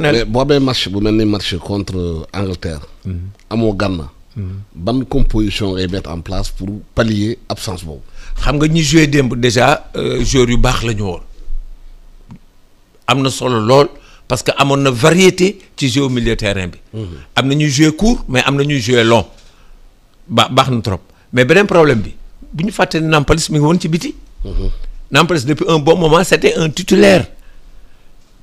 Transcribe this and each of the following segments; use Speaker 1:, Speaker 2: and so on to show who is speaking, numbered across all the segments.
Speaker 1: exceptionnel. mais ben, match bu mel ni match contre euh, Angleterre. Mm-hmm. amoo Ghana. Mm-hmm. ban composition est mettre en place pour pallier absence vous. xam nga ñi joué déjà
Speaker 2: euh, joueurs yu baax la ñu woon solo lool parce que amoon na variété ci jeu milieu terrain bi. Mm-hmm. am na ñuy joué court mais am na jouer joué long ba baax na trop mais beneen problème bi bu ñu fàtte ne Nampalys mi ngi woon ci biti. Nampalys depuis un bon moment c'était un titulaire.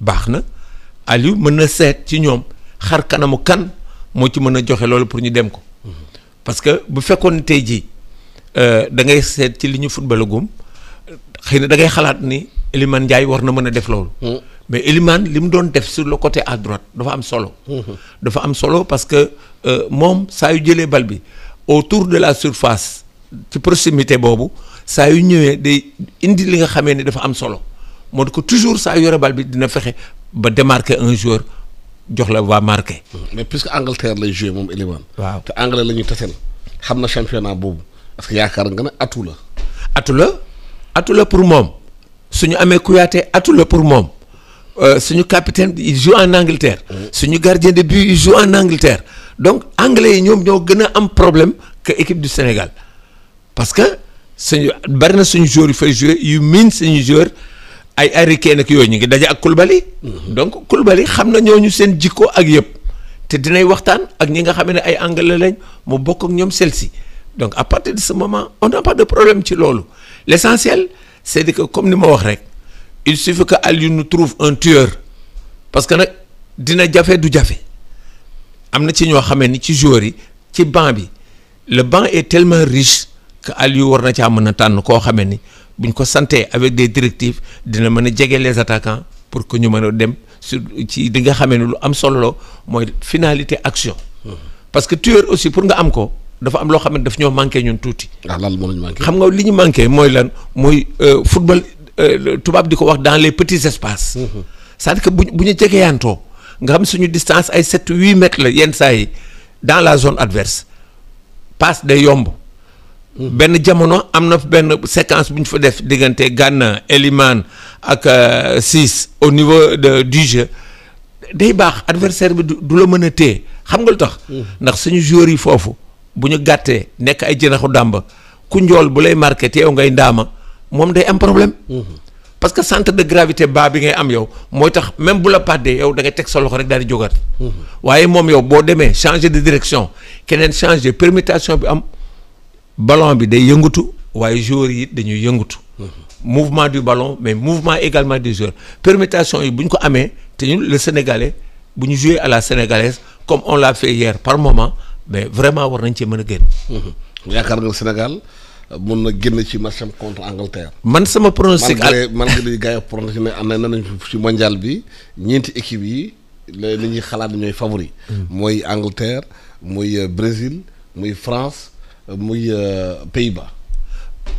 Speaker 2: baax na Aliou mën na seet ci ñoom xar kanamu kan moo ci mën a joxe loolu pour ñu dem ko parce que bu fekkoon tey jii euh, da ngay seet ci li ñu footballagum xëy na da ngay xalaat ni Elimane Ndiaye war na mën a def loolu. Mm. mais Elimane li mu doon def sur le côté à dafa am solo. Mm-hmm. dafa am solo parce que euh, moom saa yu jëlee bal bi autour de la surface ci proximité boobu saa yu ñëwee day indi li nga xamee ni dafa am solo. moo ko toujours saa yore bal bi dina fexe ba démarquer un joueur
Speaker 1: jox la waa marqué. mais puisque Angleterre lay joué moom Elimane. waaw te anglais la ñu taseel xam na championnat boobu parce que yaakaar nga ne atu la. atu la atu la
Speaker 2: pour moom suñu amee Kouyaté atu la pour moom euh, suñu capitaine il joue en Angleterre. Mm. suñu gardien de but il joue en Angleterre donc anglais yi ñoom ñoo gën a am problème que équipe du Sénégal parce que suñu bari na suñu joueur yu fay joué yu miin suñu joueur ay Harry Kane ak yoy ñu ngi daje ak kulbali donc kulbali xamna ñoñu ñooñu seen jikko ak yëpp té dinay waxtaan ak ñi nga xam ay angle lañ mu bokk ak ñoom Chelsea donc à partir de ce moment on n'a pas de problème ci lolu l'essentiel c'est que comme ni ma wax rek il suffit que Aliou nous trouve un tueur parce que nag dina jafé du jafé amna ci ño xamé ni ci joueur yi ci banc bi le banc est tellement riche que Aliou war na ci am na tan ko xamé ni buñ ko avec des directives dina les attaquants pour que nous dem ci finalité action. parce que tueur aussi pour nga am ko dafa am tout. Nous daf ñun football euh, tubab diko dans les petits espaces. Hum, hum. cest dire que buñu yanto nga distance ay 7 8 mètres dans la zone adverse passe de yombo ben jamono amna ben séquence fa def Gana Eliman ak euh, au niveau de du jeu day bax adversaire bi du la a xam nga lutax mm. ndax suñu joueurs yi fofu buñu problème. Mm-hmm. parce que centre de gravité barbie bi ngay am même bu la yow da ngay solo rek daal di mm-hmm. changer de direction change changer permutation am ballon bi day yëngatu waaye joueurs yi dañuy yëngatu. Mhm. mouvement du ballon mais mouvement également des joueurs permutation yi buñ ko amee te ñun le sénégalais bu ñu jouer à la sénégalaise comme on l'a fait hier par moment mais vraiment war nañ ci mën a génn.
Speaker 1: Mhm. yaakaar nga Sénégal euh, mun na génn ci match am contre Angleterre. man sama pronostic malgré malgré gars yi pronostic ne am nañ ci mondial bi ñeenti équipe yi la ñuy xalaat ñooy favori. Mm. mooy Angleterre muy euh, Brésil muy France muy euh, Pays-Bas.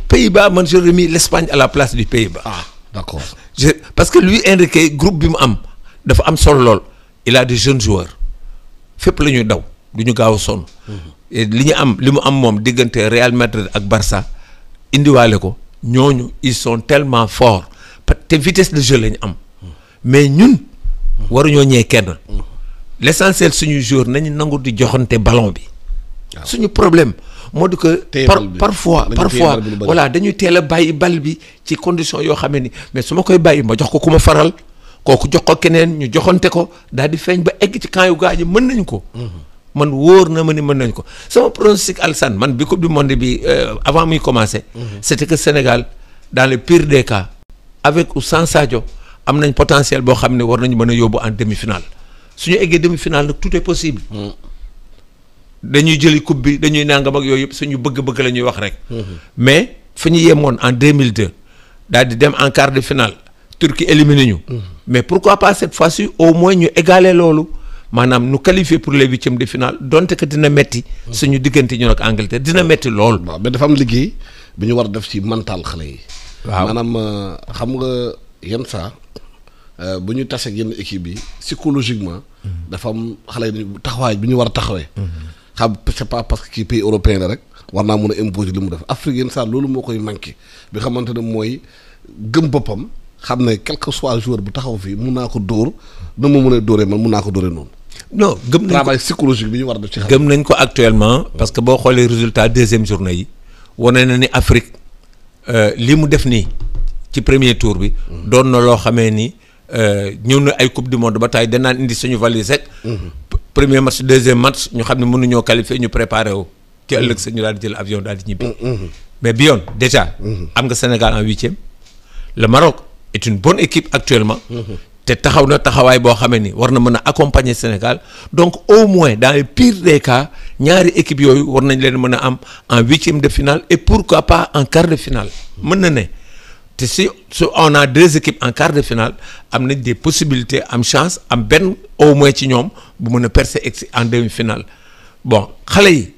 Speaker 1: Pays-Bas Moi j'aurais remis l'Espagne à la place
Speaker 2: du Pays-Bas. ah d'accord parce que lui indiqué groupe bi am am solo il a des jeunes joueurs fait plein de daw du ñu gaaw a sonn. Mhm. li am li am moom Real Madrid ak Barça ko ils sont tellement forts te vitesse de jeu la am mhm. mais ñun waruñoo ñee kenn. Mhm. l' essentiel suñuy joueur nañu nangu di joxante ballon C'est ah. suñu problème que parfois parfois voilà dañuy téla a bal bi mais suma koy ma jox ko kuma faral jox ko kenen ñu joxonté ko dal di ba mm-hmm. na ma pronostic man bi euh, avant de commencer, mm-hmm. c'était que Sénégal dans le pire des cas avec ou sans Sadio am un potentiel pour xamné war en demi-finale suñu demi-finale tout est possible mm dañuy jëli coupe bi dañuy nangam ak yooyu suñu bëgg-bëgg la ñuy wax rek. Mhm. mais fu ñu yemoon en 2002 daal di dem en quart de finale Turquie éliminé ñu. Mhm. mais pourquoi pas cette fois-ci au moins ñu égaler loolu maanaam nu qualifier pour les huitièmes de finale donte que dina metti mhm. suñu diggante ñun ak
Speaker 1: Angleterre dina metti lool. waaw mais dafa am liggéey bi ñu war a def ci mental xale yi. waaw maanaam euh, xam nga yenn saa. Euh, bu ñu ak yenn équipe bi psychologiquement. dafa am xale yi taxawaay bi ñu war a taxawee ne sais pas parce que pays européen rek a def Afrique yenn koy manqué bi quel que soit joueur bu taxaw fii mun naa ko dóor na ma mën a dóoree man non travail psychologique bi a def
Speaker 2: actuellement parce que boo xoolee résultat deuxième journée yi wane na ni Afrique euh, li mu def nii premier tour bi. doon na loo xamee ni euh, ay coupe du monde ba taay danaan indi suñu valise mm-hmm premier match deuxième match ñu xamni mënu ñoo qualifier ñu préparer wu. ci ëlëk sëñu daal avion daal di mm-hmm. mais bien déjà. Mm-hmm. am nga Sénégal en huitième. le Maroc est une bonne équipe actuellement. Mm-hmm. té taxaw na taxaway bo xamee ni war accompagner Sénégal donc au moins dans le pire des cas ñaari équipe yoyu war nañ leen mëna am en huitième de finale et pourquoi pas en quart de finale. mën na te si on a deux équipes en quart de finale on a des possibilités am chance am ben au moins ci ñom bu mën percer en demi-finale bon xalé yi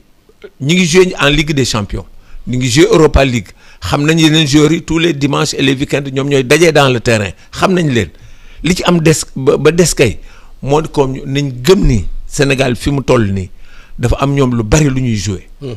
Speaker 2: ñi ngi jouer en Ligue des Champions ñi ngi jouer Europa League xam nañ yeneen joueurs yi tous les dimanches et les week-ends ñoom ñooy dans le terrain xam nañ leen li ci am des ba des kay monde comme nañ gëm ni Sénégal fi mu toll ni dafa am ñom lu bari lu ñuy -hmm.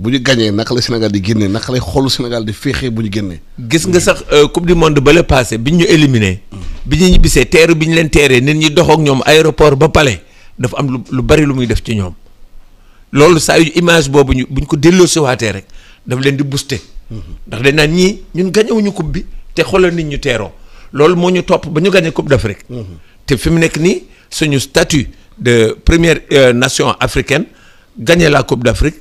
Speaker 1: bu ñu gañee naka la Sénégal di génnee naka lay xoolu Sénégal di féexee bu ñu génnee. gis nga sax euh, coupe du monde bale passé bi ñu éliminé. bi ñu
Speaker 2: ñibbisee teeru bi ñu leen teeree nit ñi doxook ñoom aéroport ba palais dafa am lu lu bari lu muy def ci ñoom loolu saa yu image boobu ñu buñ ko delloo waatee rek daf leen di booster. ndax dañ naan ñii ñun gañewuñu coupe bi te xoolal nit ñu teeroo loolu moo ñu topp ba ñu gañee coupe d'Afrique. te fi mu nekk nii suñu statut de première euh, nation africaine gagné la coupe d'Afrique.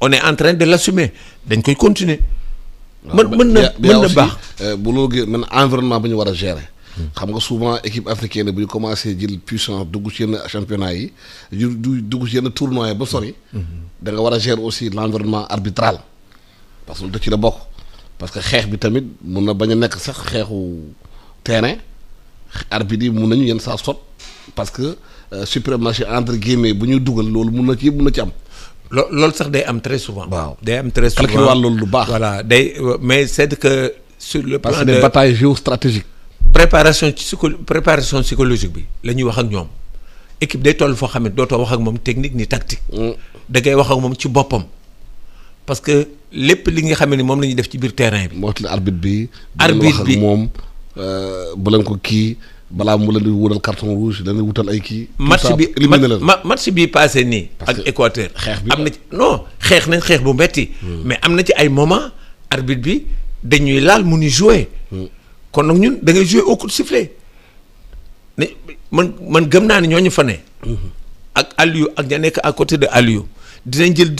Speaker 2: on est en train de l'assumer dañ koy continuer.
Speaker 1: man mën na mën na baax euh, bu loolu man environnement buñu wara gérer. xam nga souvent équipe africaine buñu ñu commencé jël puissance dugg ci championnat yi yu du dugg ci yenn ba sori. Mhm. da nga wara gérer aussi l'environnement arbitral. parce que lu ci la bok parce que xex bi tamit mun na baña nek sax xexu terrain arbitre yi nañu yenn sa sot parce que euh, match entre guillemets buñu ñuy dugal loolu mun na ci yëpp na ci am lo sax day am très souvent. waaw day am très souvent calculer loolu lu baax. voilà day
Speaker 2: euh, mais c'est que. sur le plan de parce que des batailles géostratégiques. préparation préparation psychologique bi la ñuy wax ak ñoom équipe day toll foo xam ne dootoo wax ak moom technique ni tactique. Mm. da ngay wax ak moom ci boppam. parce que lépp li nga xam ne moom la ñuy def ci
Speaker 1: biir terrain bi. moo arbitre bi. arbitre bi moom euh, bu leen ko kii. balaa mu leen di wutal carton rouge dana wutal ay kii. match bi
Speaker 2: match bi passé nii. ak Équateur xeex bi am na ci non xeex nañ xeex bu metti hmm. mais am na ci ay moment arbitre bi dañuy laal mu ni jouer. Hmm. kon nag ñun da ngay jouer au coup de man man gëm naa ne ñooñu fa ne. Hmm. ak Aliou ak ña nekk ak côté de Aliou dinañ jël.